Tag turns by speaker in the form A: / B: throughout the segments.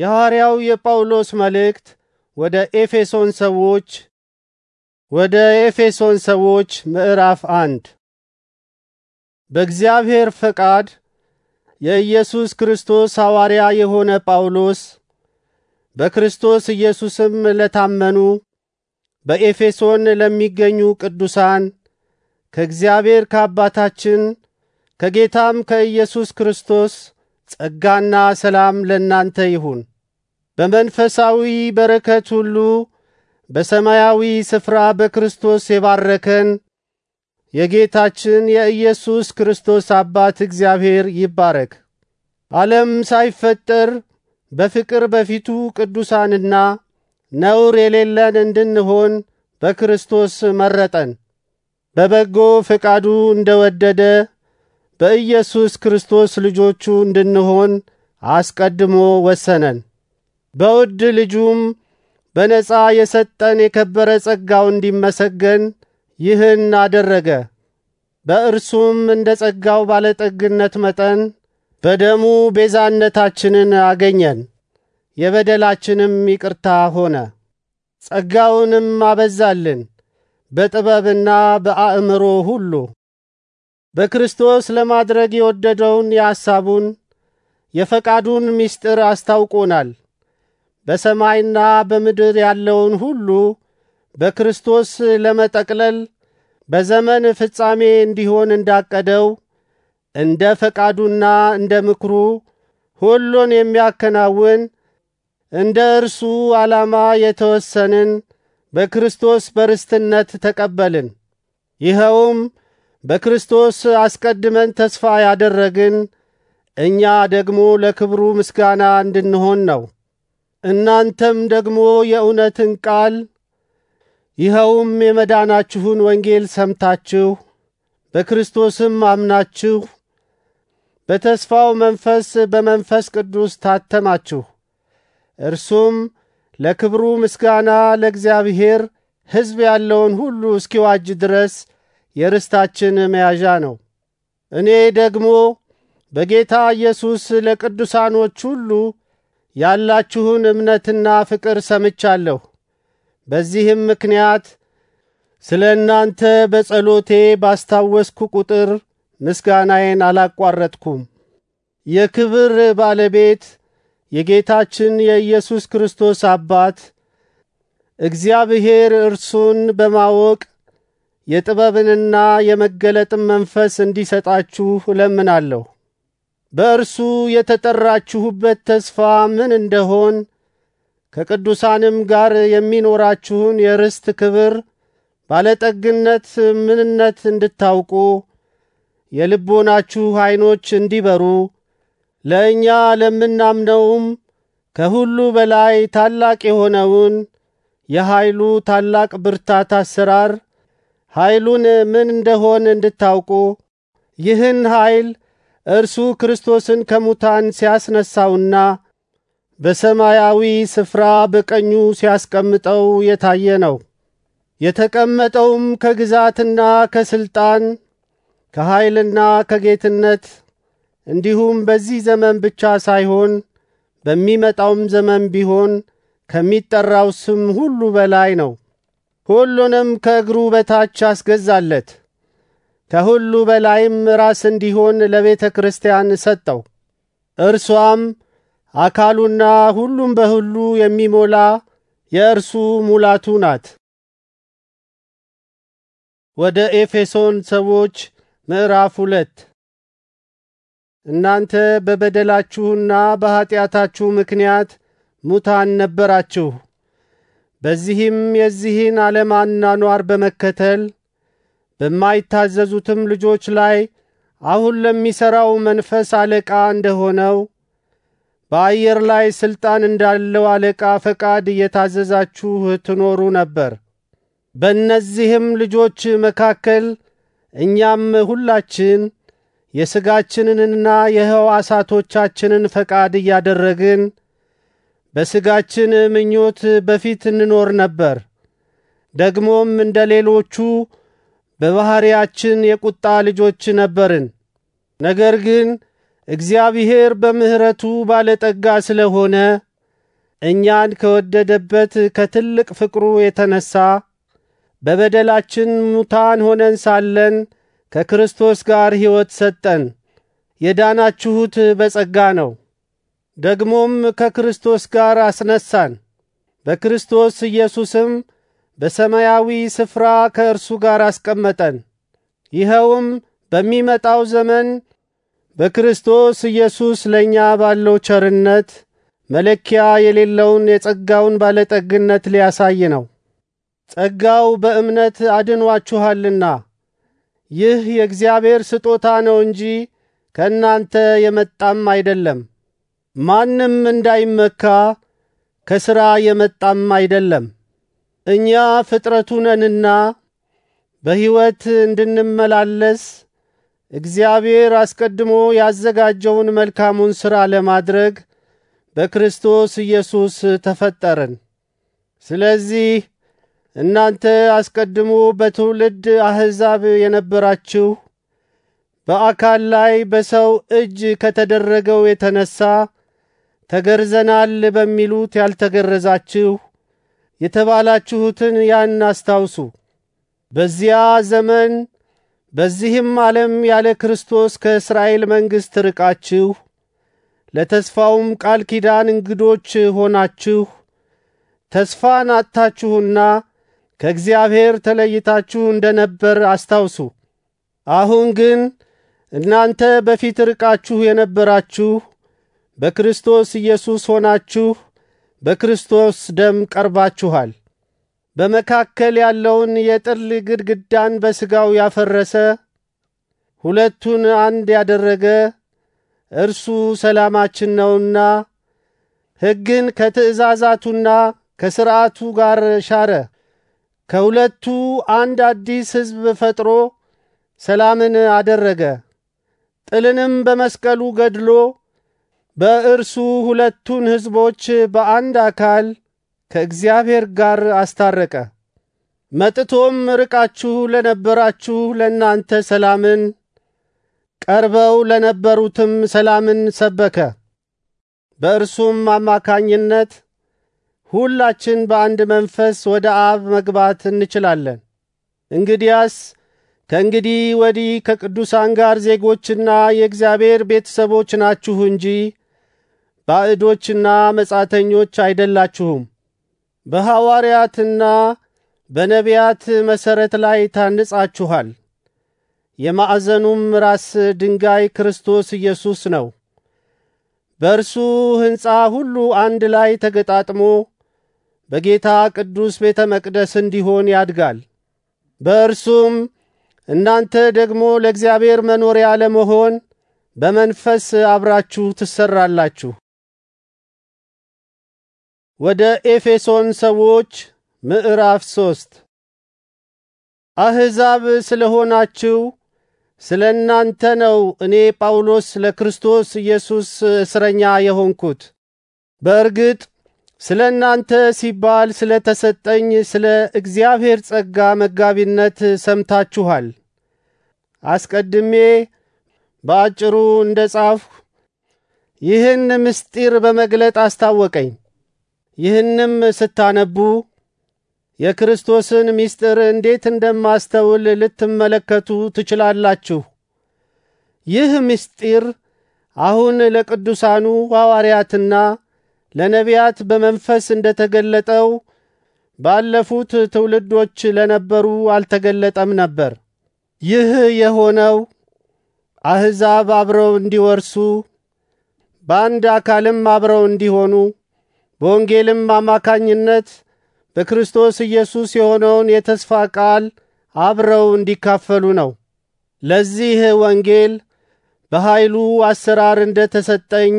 A: የሐዋርያው የጳውሎስ መልእክት ወደ ኤፌሶን ሰዎች ወደ ኤፌሶን ሰዎች ምዕራፍ አንድ በእግዚአብሔር ፈቃድ የኢየሱስ ክርስቶስ ሐዋርያ የሆነ ጳውሎስ በክርስቶስ ኢየሱስም ለታመኑ በኤፌሶን ለሚገኙ ቅዱሳን ከእግዚአብሔር ከአባታችን ከጌታም ከኢየሱስ ክርስቶስ ጸጋና ሰላም ለእናንተ ይሁን። በመንፈሳዊ በረከት ሁሉ በሰማያዊ ስፍራ በክርስቶስ የባረከን የጌታችን የኢየሱስ ክርስቶስ አባት እግዚአብሔር ይባረክ። ዓለም ሳይፈጠር በፍቅር በፊቱ ቅዱሳንና ነውር የሌለን እንድንሆን በክርስቶስ መረጠን። በበጎ ፈቃዱ እንደወደደ በኢየሱስ ክርስቶስ ልጆቹ እንድንሆን አስቀድሞ ወሰነን። በውድ ልጁም በነፃ የሰጠን የከበረ ጸጋው እንዲመሰገን ይህን አደረገ። በእርሱም እንደ ጸጋው ባለጠግነት መጠን በደሙ ቤዛነታችንን አገኘን፣ የበደላችንም ይቅርታ ሆነ። ጸጋውንም አበዛልን በጥበብና በአእምሮ ሁሉ በክርስቶስ ለማድረግ የወደደውን የሐሳቡን የፈቃዱን ምስጢር አስታውቆናል። በሰማይና በምድር ያለውን ሁሉ በክርስቶስ ለመጠቅለል በዘመን ፍጻሜ እንዲሆን እንዳቀደው እንደ ፈቃዱና እንደ ምክሩ ሁሉን የሚያከናውን እንደ እርሱ ዓላማ የተወሰንን በክርስቶስ በርስትነት ተቀበልን። ይኸውም በክርስቶስ አስቀድመን ተስፋ ያደረግን እኛ ደግሞ ለክብሩ ምስጋና እንድንሆን ነው። እናንተም ደግሞ የእውነትን ቃል ይኸውም የመዳናችሁን ወንጌል ሰምታችሁ በክርስቶስም አምናችሁ በተስፋው መንፈስ በመንፈስ ቅዱስ ታተማችሁ። እርሱም ለክብሩ ምስጋና ለእግዚአብሔር ሕዝብ ያለውን ሁሉ እስኪዋጅ ድረስ የርስታችን መያዣ ነው። እኔ ደግሞ በጌታ ኢየሱስ ለቅዱሳኖች ሁሉ ያላችሁን እምነትና ፍቅር ሰምቻለሁ። በዚህም ምክንያት ስለ እናንተ በጸሎቴ ባስታወስኩ ቁጥር ምስጋናዬን አላቋረጥኩም። የክብር ባለቤት የጌታችን የኢየሱስ ክርስቶስ አባት እግዚአብሔር እርሱን በማወቅ የጥበብንና የመገለጥን መንፈስ እንዲሰጣችሁ እለምናለሁ። በእርሱ የተጠራችሁበት ተስፋ ምን እንደሆን ከቅዱሳንም ጋር የሚኖራችሁን የርስት ክብር ባለጠግነት ምንነት እንድታውቁ የልቦናችሁ ዐይኖች እንዲበሩ ለእኛ ለምናምነውም ከሁሉ በላይ ታላቅ የሆነውን የኃይሉ ታላቅ ብርታት አሰራር ኃይሉን ምን እንደሆን እንድታውቁ ይህን ኃይል እርሱ ክርስቶስን ከሙታን ሲያስነሳውና በሰማያዊ ስፍራ በቀኙ ሲያስቀምጠው የታየ ነው። የተቀመጠውም ከግዛትና ከስልጣን ከኃይልና ከጌትነት እንዲሁም በዚህ ዘመን ብቻ ሳይሆን በሚመጣውም ዘመን ቢሆን ከሚጠራው ስም ሁሉ በላይ ነው። ሁሉንም ከእግሩ በታች አስገዛለት። ከሁሉ በላይም ራስ እንዲሆን ለቤተ ክርስቲያን ሰጠው። እርሷም አካሉና ሁሉም በሁሉ የሚሞላ የእርሱ ሙላቱ ናት። ወደ ኤፌሶን ሰዎች ምዕራፍ ሁለት እናንተ በበደላችሁና በኀጢአታችሁ ምክንያት ሙታን ነበራችሁ። በዚህም የዚህን ዓለም አኗኗር በመከተል በማይታዘዙትም ልጆች ላይ አሁን ለሚሠራው መንፈስ አለቃ እንደሆነው በአየር ላይ ሥልጣን እንዳለው አለቃ ፈቃድ እየታዘዛችሁ ትኖሩ ነበር። በእነዚህም ልጆች መካከል እኛም ሁላችን የሥጋችንንና የሕዋሳቶቻችንን ፈቃድ እያደረግን በስጋችን ምኞት በፊት እንኖር ነበር። ደግሞም እንደ ሌሎቹ በባህሪያችን የቁጣ ልጆች ነበርን። ነገር ግን እግዚአብሔር በምሕረቱ ባለጠጋ ስለሆነ እኛን ከወደደበት ከትልቅ ፍቅሩ የተነሳ በበደላችን ሙታን ሆነን ሳለን ከክርስቶስ ጋር ሕይወት ሰጠን። የዳናችሁት በጸጋ ነው። ደግሞም ከክርስቶስ ጋር አስነሳን፣ በክርስቶስ ኢየሱስም በሰማያዊ ስፍራ ከእርሱ ጋር አስቀመጠን። ይኸውም በሚመጣው ዘመን በክርስቶስ ኢየሱስ ለእኛ ባለው ቸርነት መለኪያ የሌለውን የጸጋውን ባለጠግነት ሊያሳይ ነው። ጸጋው በእምነት አድኗችኋልና ይህ የእግዚአብሔር ስጦታ ነው እንጂ ከእናንተ የመጣም አይደለም። ማንም እንዳይመካ ከሥራ የመጣም አይደለም። እኛ ፍጥረቱ ነንና በሕይወት እንድንመላለስ እግዚአብሔር አስቀድሞ ያዘጋጀውን መልካሙን ሥራ ለማድረግ በክርስቶስ ኢየሱስ ተፈጠርን። ስለዚህ እናንተ አስቀድሞ በትውልድ አሕዛብ የነበራችሁ በአካል ላይ በሰው እጅ ከተደረገው የተነሳ ተገርዘናል በሚሉት ያልተገረዛችሁ የተባላችሁትን ያን አስታውሱ። በዚያ ዘመን በዚህም ዓለም ያለ ክርስቶስ ከእስራኤል መንግሥት ርቃችሁ ለተስፋውም ቃል ኪዳን እንግዶች ሆናችሁ ተስፋን አጥታችሁና ከእግዚአብሔር ተለይታችሁ እንደነበር አስታውሱ። አሁን ግን እናንተ በፊት ርቃችሁ የነበራችሁ በክርስቶስ ኢየሱስ ሆናችሁ በክርስቶስ ደም ቀርባችኋል። በመካከል ያለውን የጥል ግድግዳን በሥጋው ያፈረሰ ሁለቱን አንድ ያደረገ እርሱ ሰላማችን ነውና ሕግን ከትእዛዛቱና ከሥርዓቱ ጋር ሻረ። ከሁለቱ አንድ አዲስ ሕዝብ ፈጥሮ ሰላምን አደረገ። ጥልንም በመስቀሉ ገድሎ በእርሱ ሁለቱን ሕዝቦች በአንድ አካል ከእግዚአብሔር ጋር አስታረቀ። መጥቶም ርቃችሁ ለነበራችሁ ለእናንተ ሰላምን፣ ቀርበው ለነበሩትም ሰላምን ሰበከ። በእርሱም አማካኝነት ሁላችን በአንድ መንፈስ ወደ አብ መግባት እንችላለን። እንግዲያስ ከእንግዲህ ወዲህ ከቅዱሳን ጋር ዜጎችና የእግዚአብሔር ቤተሰቦች ናችሁ እንጂ ባዕዶችና መጻተኞች አይደላችሁም። በሐዋርያትና በነቢያት መሰረት ላይ ታንጻችኋል። የማዕዘኑም ራስ ድንጋይ ክርስቶስ ኢየሱስ ነው። በእርሱ ሕንፃ ሁሉ አንድ ላይ ተገጣጥሞ በጌታ ቅዱስ ቤተ መቅደስ እንዲሆን ያድጋል። በእርሱም እናንተ ደግሞ ለእግዚአብሔር መኖሪያ ለመሆን በመንፈስ አብራችሁ ትሰራላችሁ። ወደ ኤፌሶን ሰዎች ምዕራፍ ሶስት አሕዛብ ስለሆናችሁ ስለ እናንተ ነው እኔ ጳውሎስ ለክርስቶስ ኢየሱስ እስረኛ የሆንኩት። በእርግጥ ስለ እናንተ ሲባል ስለ ተሰጠኝ ስለ እግዚአብሔር ጸጋ መጋቢነት ሰምታችኋል። አስቀድሜ በአጭሩ እንደ ጻፍሁ ይህን ምስጢር በመግለጥ አስታወቀኝ። ይህንም ስታነቡ የክርስቶስን ምስጢር እንዴት እንደማስተውል ልትመለከቱ ትችላላችሁ። ይህ ምስጢር አሁን ለቅዱሳኑ ሐዋርያትና ለነቢያት በመንፈስ እንደተገለጠው ባለፉት ትውልዶች ለነበሩ አልተገለጠም ነበር። ይህ የሆነው አሕዛብ አብረው እንዲወርሱ በአንድ አካልም አብረው እንዲሆኑ በወንጌልም አማካኝነት በክርስቶስ ኢየሱስ የሆነውን የተስፋ ቃል አብረው እንዲካፈሉ ነው። ለዚህ ወንጌል በኃይሉ አሰራር እንደ ተሰጠኝ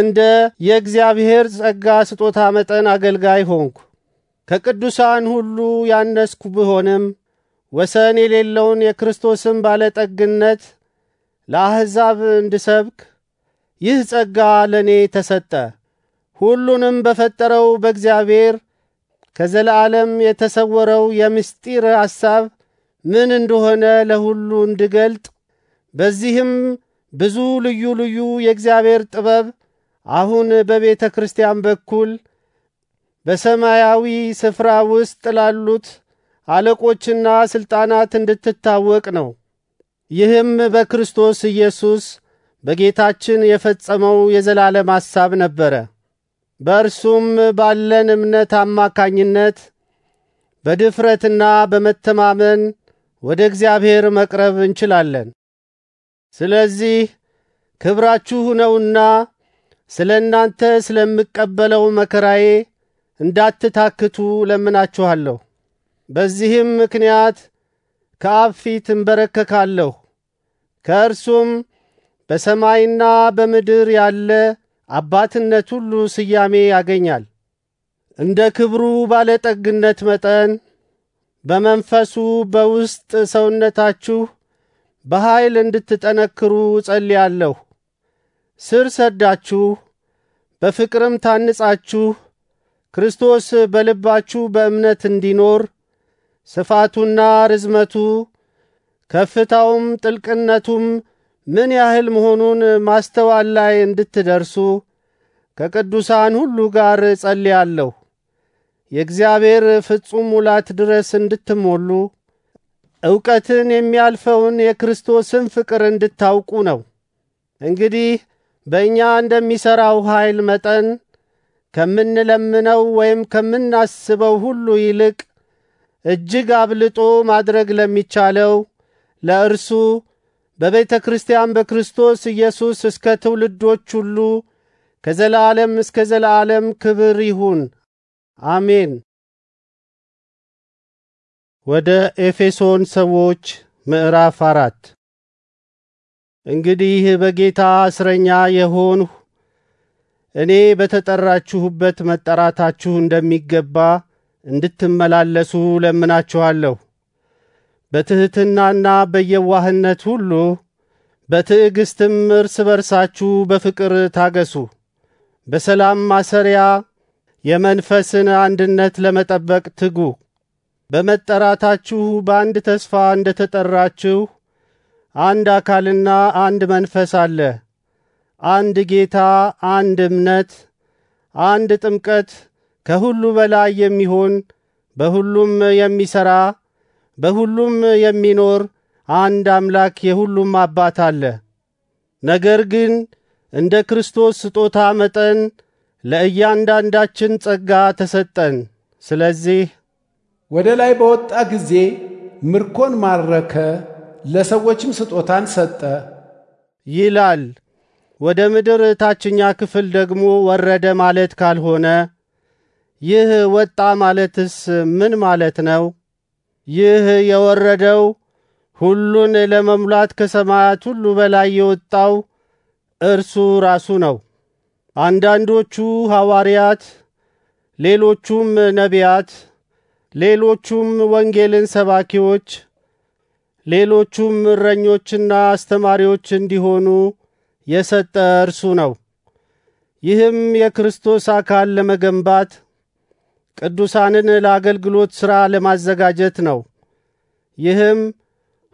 A: እንደ የእግዚአብሔር ጸጋ ስጦታ መጠን አገልጋይ ሆንኩ። ከቅዱሳን ሁሉ ያነስኩ ብሆንም ወሰን የሌለውን የክርስቶስን ባለጠግነት ለአሕዛብ እንድሰብክ ይህ ጸጋ ለእኔ ተሰጠ። ሁሉንም በፈጠረው በእግዚአብሔር ከዘላለም የተሰወረው የምስጢር ሐሳብ ምን እንደሆነ ለሁሉ እንድገልጥ በዚህም ብዙ ልዩ ልዩ የእግዚአብሔር ጥበብ አሁን በቤተ ክርስቲያን በኩል በሰማያዊ ስፍራ ውስጥ ላሉት አለቆችና ስልጣናት እንድትታወቅ ነው። ይህም በክርስቶስ ኢየሱስ በጌታችን የፈጸመው የዘላለም ሐሳብ ነበረ። በእርሱም ባለን እምነት አማካኝነት በድፍረትና በመተማመን ወደ እግዚአብሔር መቅረብ እንችላለን። ስለዚህ ክብራችሁ ነውና ስለ እናንተ ስለምቀበለው መከራዬ እንዳትታክቱ ለምናችኋለሁ። በዚህም ምክንያት ከአብ ፊት እንበረከካለሁ። ከእርሱም በሰማይና በምድር ያለ አባትነት ሁሉ ስያሜ ያገኛል። እንደ ክብሩ ባለጠግነት መጠን በመንፈሱ በውስጥ ሰውነታችሁ በኃይል እንድትጠነክሩ ጸልያለሁ ስር ሰዳችሁ በፍቅርም ታንጻችሁ ክርስቶስ በልባችሁ በእምነት እንዲኖር ስፋቱና ርዝመቱ ከፍታውም ጥልቅነቱም ምን ያህል መሆኑን ማስተዋል ላይ እንድትደርሱ ከቅዱሳን ሁሉ ጋር ጸልያለሁ። የእግዚአብሔር ፍጹም ሙላት ድረስ እንድትሞሉ እውቀትን የሚያልፈውን የክርስቶስን ፍቅር እንድታውቁ ነው። እንግዲህ በእኛ እንደሚሠራው ኃይል መጠን ከምንለምነው ወይም ከምናስበው ሁሉ ይልቅ እጅግ አብልጦ ማድረግ ለሚቻለው ለእርሱ በቤተ ክርስቲያን በክርስቶስ ኢየሱስ እስከ ትውልዶች ሁሉ ከዘላለም እስከ ዘላለም ክብር ይሁን፣ አሜን። ወደ ኤፌሶን ሰዎች ምዕራፍ አራት እንግዲህ በጌታ እስረኛ የሆንሁ እኔ በተጠራችሁበት መጠራታችሁ እንደሚገባ እንድትመላለሱ ለምናችኋለሁ። በትሕትናና በየዋህነት ሁሉ በትዕግስትም እርስ በርሳችሁ በፍቅር ታገሱ። በሰላም ማሰሪያ የመንፈስን አንድነት ለመጠበቅ ትጉ። በመጠራታችሁ በአንድ ተስፋ እንደ ተጠራችሁ አንድ አካልና አንድ መንፈስ አለ። አንድ ጌታ፣ አንድ እምነት፣ አንድ ጥምቀት፣ ከሁሉ በላይ የሚሆን በሁሉም የሚሰራ በሁሉም የሚኖር አንድ አምላክ የሁሉም አባት አለ። ነገር ግን እንደ ክርስቶስ ስጦታ መጠን ለእያንዳንዳችን ጸጋ ተሰጠን። ስለዚህ ወደ ላይ በወጣ ጊዜ ምርኮን ማረከ፣ ለሰዎችም ስጦታን ሰጠ ይላል። ወደ ምድር ታችኛ ክፍል ደግሞ ወረደ ማለት ካልሆነ ይህ ወጣ ማለትስ ምን ማለት ነው? ይህ የወረደው ሁሉን ለመሙላት ከሰማያት ሁሉ በላይ የወጣው እርሱ ራሱ ነው። አንዳንዶቹ ሐዋርያት፣ ሌሎቹም ነቢያት፣ ሌሎቹም ወንጌልን ሰባኪዎች፣ ሌሎቹም እረኞችና አስተማሪዎች እንዲሆኑ የሰጠ እርሱ ነው። ይህም የክርስቶስ አካል ለመገንባት ቅዱሳንን ለአገልግሎት ሥራ ለማዘጋጀት ነው። ይህም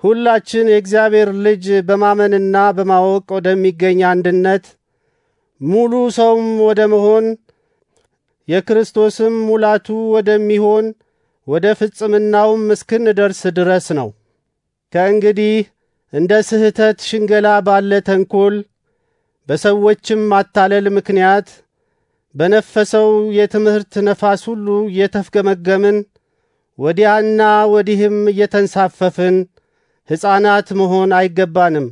A: ሁላችን የእግዚአብሔር ልጅ በማመንና በማወቅ ወደሚገኝ አንድነት ሙሉ ሰውም ወደ መሆን የክርስቶስም ሙላቱ ወደሚሆን ወደ ፍጽምናውም እስክንደርስ ድረስ ነው። ከእንግዲህ እንደ ስህተት ሽንገላ ባለ ተንኮል በሰዎችም ማታለል ምክንያት በነፈሰው የትምህርት ነፋስ ሁሉ እየተፍገመገምን ወዲያና ወዲህም እየተንሳፈፍን ሕፃናት መሆን አይገባንም።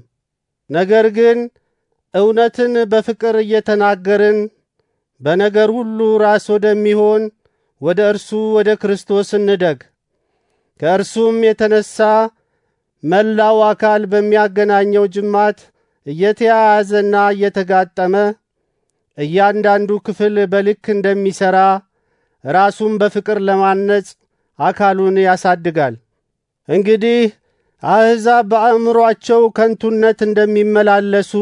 A: ነገር ግን እውነትን በፍቅር እየተናገርን በነገር ሁሉ ራስ ወደሚሆን ወደ እርሱ ወደ ክርስቶስ እንደግ። ከእርሱም የተነሳ መላው አካል በሚያገናኘው ጅማት እየተያያዘና እየተጋጠመ እያንዳንዱ ክፍል በልክ እንደሚሰራ ራሱን በፍቅር ለማነጽ አካሉን ያሳድጋል። እንግዲህ አሕዛብ በአእምሮአቸው ከንቱነት እንደሚመላለሱ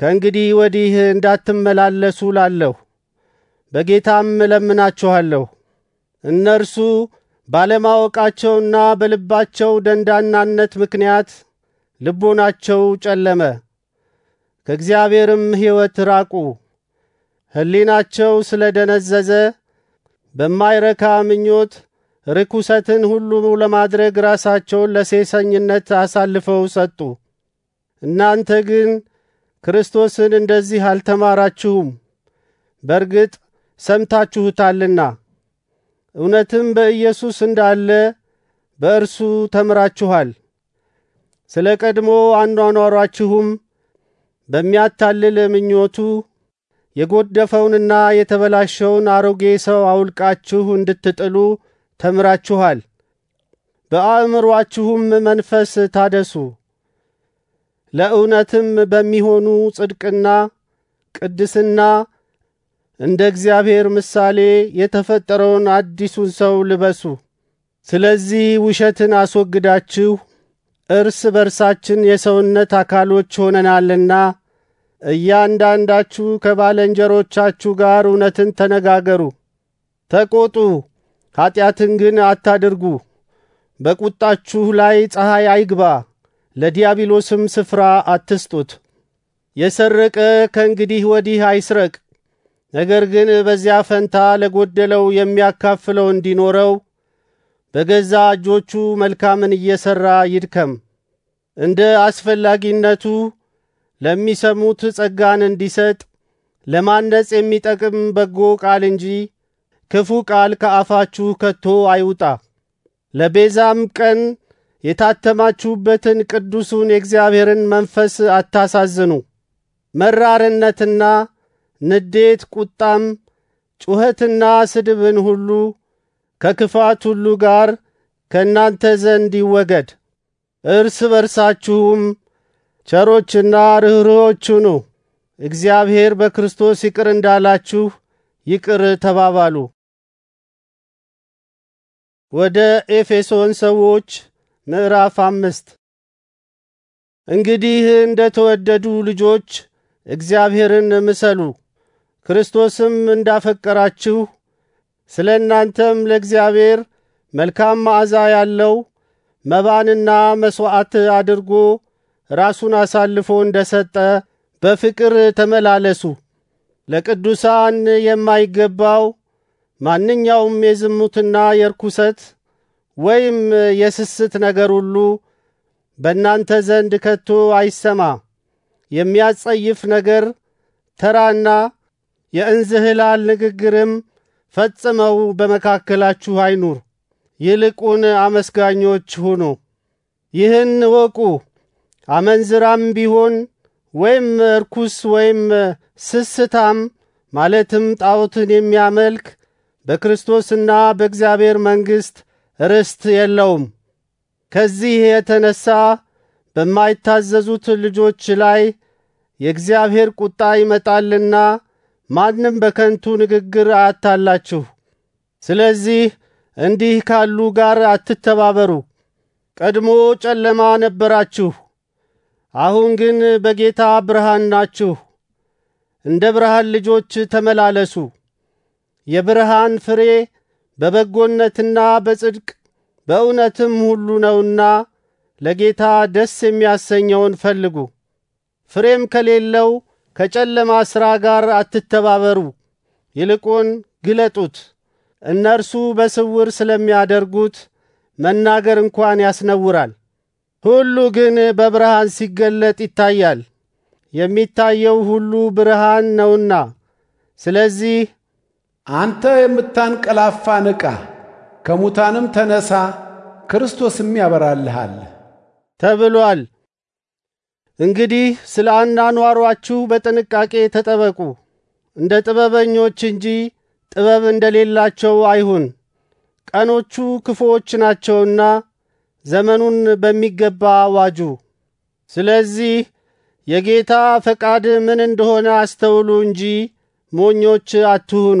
A: ከእንግዲህ ወዲህ እንዳትመላለሱ ላለሁ በጌታም እለምናችኋለሁ። እነርሱ ባለማወቃቸውና በልባቸው ደንዳናነት ምክንያት ልቦናቸው ጨለመ። ከእግዚአብሔርም ሕይወት ራቁ። ሕሊናቸው ስለ ደነዘዘ በማይረካ ምኞት ርኩሰትን ሁሉ ለማድረግ ራሳቸውን ለሴሰኝነት አሳልፈው ሰጡ። እናንተ ግን ክርስቶስን እንደዚህ አልተማራችሁም፣ በርግጥ ሰምታችሁታልና እውነትም በኢየሱስ እንዳለ በእርሱ ተምራችኋል። ስለ ቀድሞ አኗኗሯችሁም በሚያታልል ምኞቱ የጎደፈውንና የተበላሸውን አሮጌ ሰው አውልቃችሁ እንድትጥሉ ተምራችኋል። በአእምሮአችሁም መንፈስ ታደሱ፣ ለእውነትም በሚሆኑ ጽድቅና ቅድስና እንደ እግዚአብሔር ምሳሌ የተፈጠረውን አዲሱን ሰው ልበሱ። ስለዚህ ውሸትን አስወግዳችሁ እርስ በርሳችን የሰውነት አካሎች ሆነናልና እያንዳንዳችሁ ከባለንጀሮቻችሁ ጋር እውነትን ተነጋገሩ። ተቆጡ፣ ኀጢአትን ግን አታድርጉ። በቁጣችሁ ላይ ፀሐይ አይግባ፣ ለዲያብሎስም ስፍራ አትስጡት። የሰረቀ ከእንግዲህ ወዲህ አይስረቅ፣ ነገር ግን በዚያ ፈንታ ለጎደለው የሚያካፍለው እንዲኖረው በገዛ እጆቹ መልካምን እየሰራ ይድከም። እንደ አስፈላጊነቱ ለሚሰሙት ጸጋን እንዲሰጥ ለማነጽ የሚጠቅም በጎ ቃል እንጂ ክፉ ቃል ከአፋችሁ ከቶ አይውጣ። ለቤዛም ቀን የታተማችሁበትን ቅዱሱን የእግዚአብሔርን መንፈስ አታሳዝኑ። መራርነትና ንዴት፣ ቁጣም፣ ጩኸትና ስድብን ሁሉ ከክፋት ሁሉ ጋር ከእናንተ ዘንድ ይወገድ። እርስ በርሳችሁም ቸሮችና ርኅሩኆች ሁኑ፣ እግዚአብሔር በክርስቶስ ይቅር እንዳላችሁ ይቅር ተባባሉ። ወደ ኤፌሶን ሰዎች ምዕራፍ አምስት እንግዲህ እንደ ተወደዱ ልጆች እግዚአብሔርን ምሰሉ፣ ክርስቶስም እንዳፈቀራችሁ ስለ እናንተም ለእግዚአብሔር መልካም መዓዛ ያለው መባንና መሥዋዕት አድርጎ ራሱን አሳልፎ እንደ ሰጠ በፍቅር ተመላለሱ። ለቅዱሳን የማይገባው ማንኛውም የዝሙትና የርኩሰት ወይም የስስት ነገር ሁሉ በእናንተ ዘንድ ከቶ አይሰማ። የሚያጸይፍ ነገር፣ ተራና የእንዝህላል ንግግርም ፈጽመው በመካከላችሁ አይኑር፣ ይልቁን አመስጋኞች ሁኑ። ይህን ወቁ፣ አመንዝራም ቢሆን ወይም እርኩስ ወይም ስስታም ማለትም ጣዖትን የሚያመልክ በክርስቶስና በእግዚአብሔር መንግሥት ርስት የለውም። ከዚህ የተነሳ በማይታዘዙት ልጆች ላይ የእግዚአብሔር ቁጣ ይመጣልና ማንም በከንቱ ንግግር አያታላችሁ። ስለዚህ እንዲህ ካሉ ጋር አትተባበሩ። ቀድሞ ጨለማ ነበራችሁ፣ አሁን ግን በጌታ ብርሃን ናችሁ። እንደ ብርሃን ልጆች ተመላለሱ። የብርሃን ፍሬ በበጎነትና በጽድቅ በእውነትም ሁሉ ነውና ለጌታ ደስ የሚያሰኘውን ፈልጉ። ፍሬም ከሌለው ከጨለማ ሥራ ጋር አትተባበሩ፣ ይልቁን ግለጡት። እነርሱ በስውር ስለሚያደርጉት መናገር እንኳን ያስነውራል። ሁሉ ግን በብርሃን ሲገለጥ ይታያል። የሚታየው ሁሉ ብርሃን ነውና። ስለዚህ አንተ የምታንቀላፋ ንቃ፣ ከሙታንም ተነሳ፣ ክርስቶስም ያበራልሃል ተብሏል። እንግዲህ ስለ አኗኗሯችሁ በጥንቃቄ ተጠበቁ፣ እንደ ጥበበኞች እንጂ ጥበብ እንደሌላቸው አይሁን። ቀኖቹ ክፉዎች ናቸውና ዘመኑን በሚገባ ዋጁ። ስለዚህ የጌታ ፈቃድ ምን እንደሆነ አስተውሉ እንጂ ሞኞች አትሁኑ።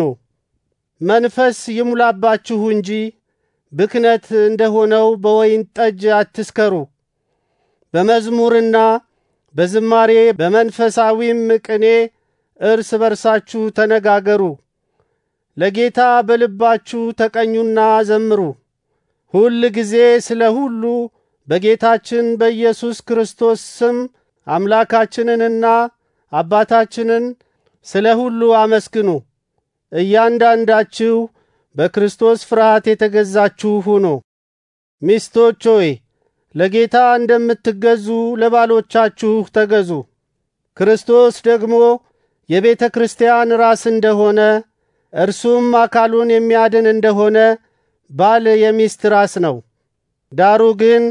A: መንፈስ ይሙላባችሁ እንጂ ብክነት እንደሆነው በወይን ጠጅ አትስከሩ። በመዝሙርና በዝማሬ በመንፈሳዊም ቅኔ እርስ በርሳችሁ ተነጋገሩ። ለጌታ በልባችሁ ተቀኙና ዘምሩ። ሁል ጊዜ ስለ ሁሉ በጌታችን በኢየሱስ ክርስቶስ ስም አምላካችንንና አባታችንን ስለ ሁሉ አመስግኑ። እያንዳንዳችሁ በክርስቶስ ፍርሃት የተገዛችሁ ሁኑ። ሚስቶች ሆይ ለጌታ እንደምትገዙ ለባሎቻችሁ ተገዙ። ክርስቶስ ደግሞ የቤተ ክርስቲያን ራስ እንደሆነ እርሱም አካሉን የሚያድን እንደሆነ ባል የሚስት ራስ ነው። ዳሩ ግን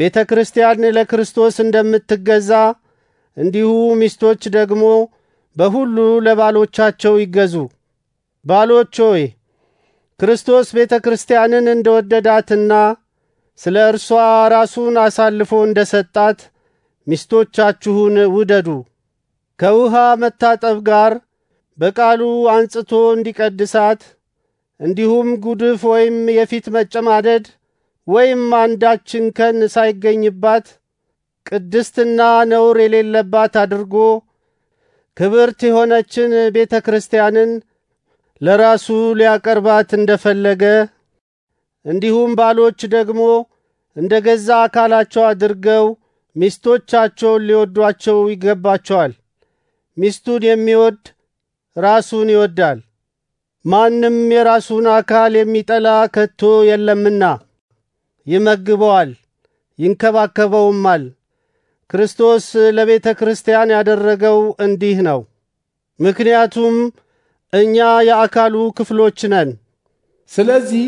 A: ቤተ ክርስቲያን ለክርስቶስ እንደምትገዛ እንዲሁ ሚስቶች ደግሞ በሁሉ ለባሎቻቸው ይገዙ። ባሎች ሆይ ክርስቶስ ቤተ ክርስቲያንን እንደወደዳትና ስለ እርሷ ራሱን አሳልፎ እንደ ሰጣት ሚስቶቻችሁን ውደዱ። ከውሃ መታጠብ ጋር በቃሉ አንጽቶ እንዲቀድሳት እንዲሁም ጉድፍ ወይም የፊት መጨማደድ ወይም አንዳች እንከን ሳይገኝባት ቅድስትና ነውር የሌለባት አድርጎ ክብርት የሆነችን ቤተ ክርስቲያንን ለራሱ ሊያቀርባት እንደፈለገ እንዲሁም ባሎች ደግሞ እንደ ገዛ አካላቸው አድርገው ሚስቶቻቸውን ሊወዷቸው ይገባቸዋል። ሚስቱን የሚወድ ራሱን ይወዳል፣ ማንም የራሱን አካል የሚጠላ ከቶ የለምና። ይመግበዋል፣ ይንከባከበውማል። ክርስቶስ ለቤተ ክርስቲያን ያደረገው እንዲህ ነው። ምክንያቱም እኛ የአካሉ ክፍሎች ነን። ስለዚህ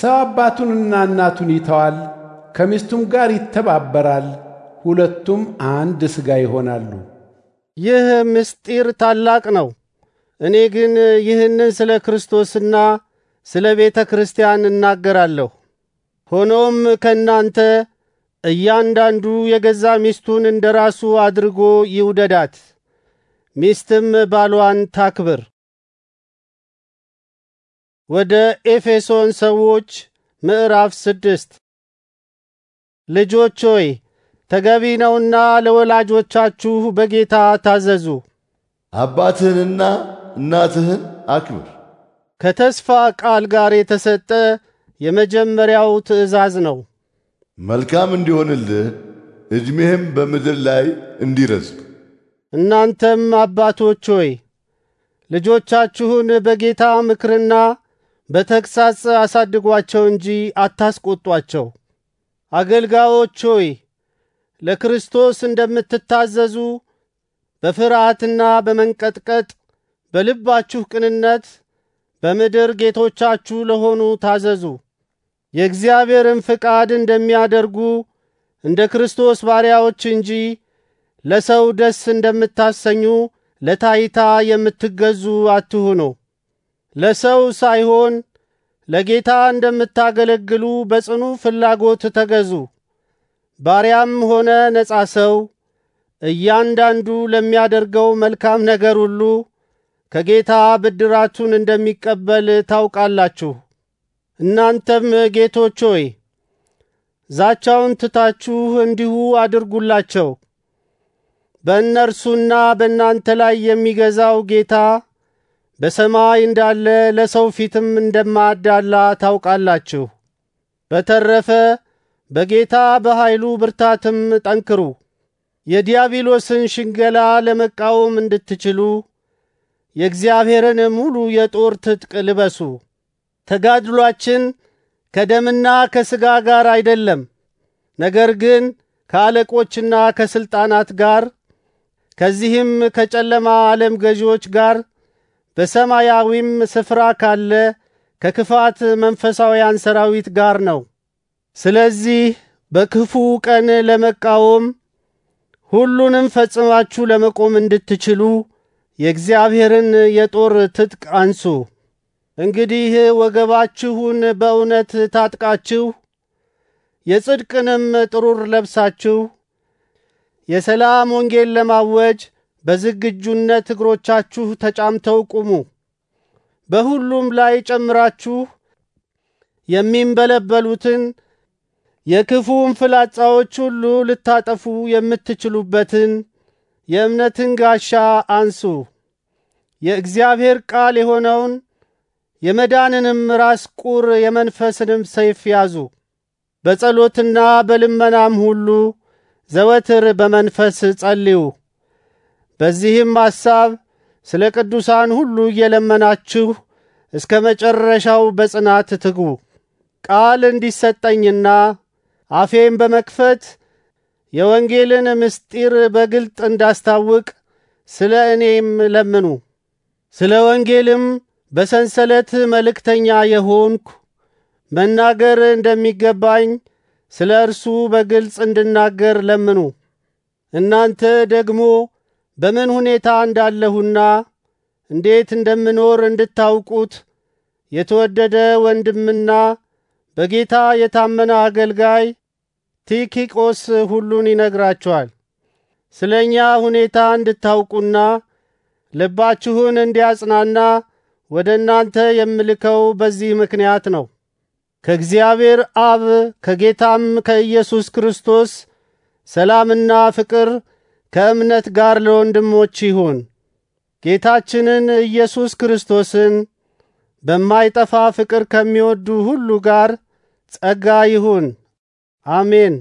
A: ሰው አባቱንና እናቱን ይተዋል፣ ከሚስቱም ጋር ይተባበራል፣ ሁለቱም አንድ ሥጋ ይሆናሉ። ይህ ምስጢር ታላቅ ነው። እኔ ግን ይህንን ስለ ክርስቶስና ስለ ቤተ ክርስቲያን እናገራለሁ። ሆኖም ከእናንተ እያንዳንዱ የገዛ ሚስቱን እንደ ራሱ አድርጎ ይውደዳት፣ ሚስትም ባሏን ታክብር። ወደ ኤፌሶን ሰዎች ምዕራፍ ስድስት ልጆች ሆይ ተገቢ ነውና ለወላጆቻችሁ በጌታ ታዘዙ። አባትህንና እናትህን አክብር ከተስፋ ቃል ጋር የተሰጠ የመጀመሪያው ትእዛዝ ነው። መልካም እንዲሆንልህ እድሜህም በምድር ላይ እንዲረዝም። እናንተም አባቶች ሆይ ልጆቻችሁን በጌታ ምክርና በተግሣጽ አሳድጓቸው እንጂ አታስቆጧቸው። አገልጋዮች ሆይ ለክርስቶስ እንደምትታዘዙ በፍርሃትና በመንቀጥቀጥ በልባችሁ ቅንነት በምድር ጌቶቻችሁ ለሆኑ ታዘዙ። የእግዚአብሔርን ፍቃድ እንደሚያደርጉ እንደ ክርስቶስ ባሪያዎች እንጂ ለሰው ደስ እንደምታሰኙ ለታይታ የምትገዙ አትሁኑ። ለሰው ሳይሆን ለጌታ እንደምታገለግሉ በጽኑ ፍላጎት ተገዙ። ባሪያም ሆነ ነጻ ሰው እያንዳንዱ ለሚያደርገው መልካም ነገር ሁሉ ከጌታ ብድራቱን እንደሚቀበል ታውቃላችሁ። እናንተም ጌቶች ሆይ ዛቻውን ትታችሁ እንዲሁ አድርጉላቸው። በእነርሱና በእናንተ ላይ የሚገዛው ጌታ በሰማይ እንዳለ ለሰው ፊትም እንደማዳላ ታውቃላችሁ። በተረፈ በጌታ በኃይሉ ብርታትም ጠንክሩ፣ የዲያብሎስን ሽንገላ ለመቃወም እንድትችሉ የእግዚአብሔርን ሙሉ የጦር ትጥቅ ልበሱ። ተጋድሏችን ከደምና ከሥጋ ጋር አይደለም፣ ነገር ግን ከአለቆችና ከስልጣናት ጋር ከዚህም ከጨለማ ዓለም ገዢዎች ጋር በሰማያዊም ስፍራ ካለ ከክፋት መንፈሳውያን ሰራዊት ጋር ነው። ስለዚህ በክፉ ቀን ለመቃወም ሁሉንም ፈጽማችሁ ለመቆም እንድትችሉ የእግዚአብሔርን የጦር ትጥቅ አንሱ። እንግዲህ ወገባችሁን በእውነት ታጥቃችሁ የጽድቅንም ጥሩር ለብሳችሁ የሰላም ወንጌል ለማወጅ በዝግጁነት እግሮቻችሁ ተጫምተው ቁሙ። በሁሉም ላይ ጨምራችሁ የሚንበለበሉትን የክፉውን ፍላጻዎች ሁሉ ልታጠፉ የምትችሉበትን የእምነትን ጋሻ አንሱ። የእግዚአብሔር ቃል የሆነውን የመዳንንም ራስ ቁር የመንፈስንም ሰይፍ ያዙ። በጸሎትና በልመናም ሁሉ ዘወትር በመንፈስ ጸልዩ። በዚህም ሐሳብ ስለ ቅዱሳን ሁሉ እየለመናችሁ እስከ መጨረሻው በጽናት ትጉ። ቃል እንዲሰጠኝና አፌን በመክፈት የወንጌልን ምስጢር በግልጥ እንዳስታውቅ ስለ እኔም ለምኑ። ስለ ወንጌልም በሰንሰለት መልእክተኛ የሆንኩ መናገር እንደሚገባኝ ስለ እርሱ በግልጽ እንድናገር ለምኑ። እናንተ ደግሞ በምን ሁኔታ እንዳለሁና እንዴት እንደምኖር እንድታውቁት የተወደደ ወንድምና በጌታ የታመነ አገልጋይ ቲኪቆስ ሁሉን ይነግራችኋል። ስለ እኛ ሁኔታ እንድታውቁና ልባችሁን እንዲያጽናና ወደ እናንተ የምልከው በዚህ ምክንያት ነው። ከእግዚአብሔር አብ ከጌታም ከኢየሱስ ክርስቶስ ሰላምና ፍቅር ከእምነት ጋር ለወንድሞች ይሁን። ጌታችንን ኢየሱስ ክርስቶስን በማይጠፋ ፍቅር ከሚወዱ ሁሉ ጋር ጸጋ ይሁን። አሜን።